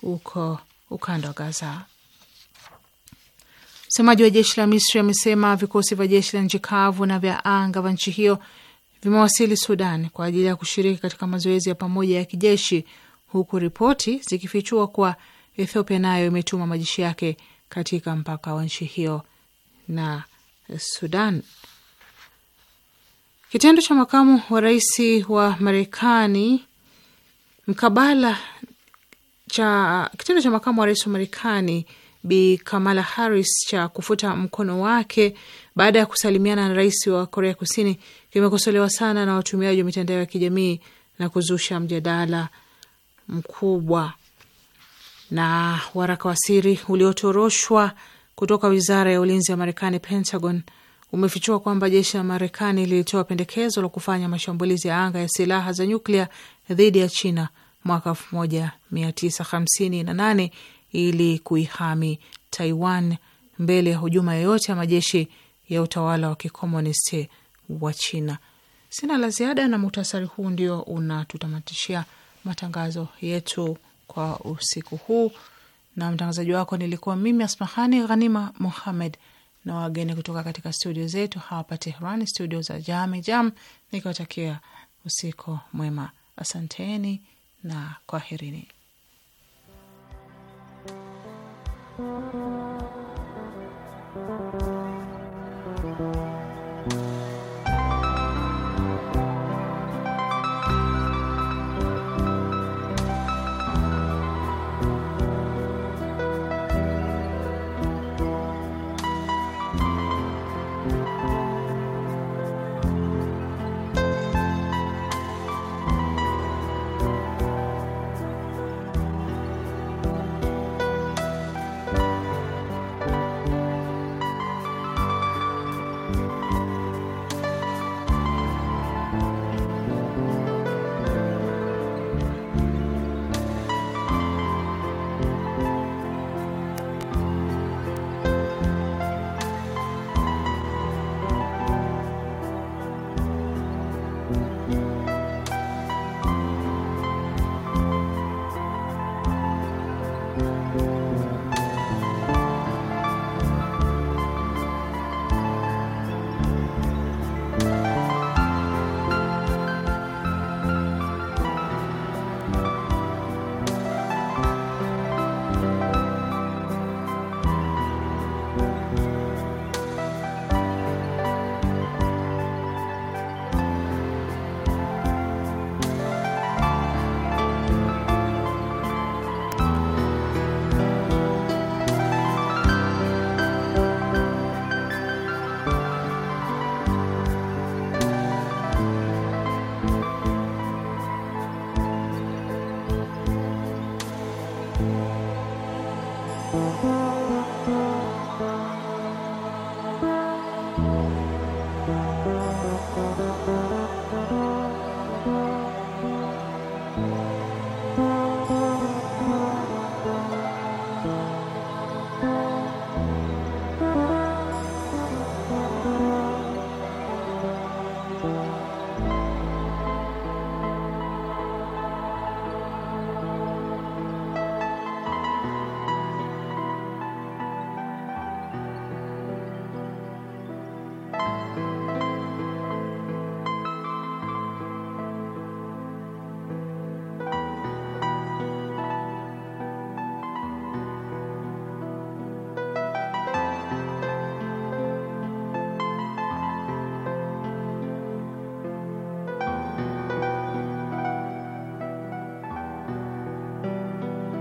huko ukanda wa Gaza. Msemaji wa jeshi la Misri amesema vikosi vya jeshi la nchi kavu na vya anga vya nchi hiyo vimewasili Sudan kwa ajili ya kushiriki katika mazoezi ya pamoja ya kijeshi, huku ripoti zikifichua kuwa Ethiopia nayo imetuma majeshi yake katika mpaka wa nchi hiyo na Sudan. Kitendo cha makamu wa rais wa Marekani mkabala cha kitendo cha makamu wa rais wa Marekani Bi Kamala Harris cha kufuta mkono wake baada ya kusalimiana na rais wa Korea Kusini kimekosolewa sana na watumiaji wa mitandao ya kijamii na kuzusha mjadala mkubwa. Na waraka wa siri uliotoroshwa kutoka wizara ya ulinzi ya Marekani, Pentagon, umefichua kwamba jeshi la Marekani lilitoa pendekezo la kufanya mashambulizi ya anga ya silaha za nyuklia dhidi ya China mwaka 1958 ili kuihami Taiwan mbele ya hujuma yoyote ya majeshi ya utawala wa kikomunisti wa China. Sina la ziada, na muhtasari huu ndio unatutamatishia matangazo yetu kwa usiku huu, na mtangazaji wako nilikuwa mimi Asmahani Ghanima muhammed na wageni kutoka katika studio zetu hapa Tehran, studio za Jame Jam, nikiwatakia usiku mwema. Asanteni na kwaherini. Thank you.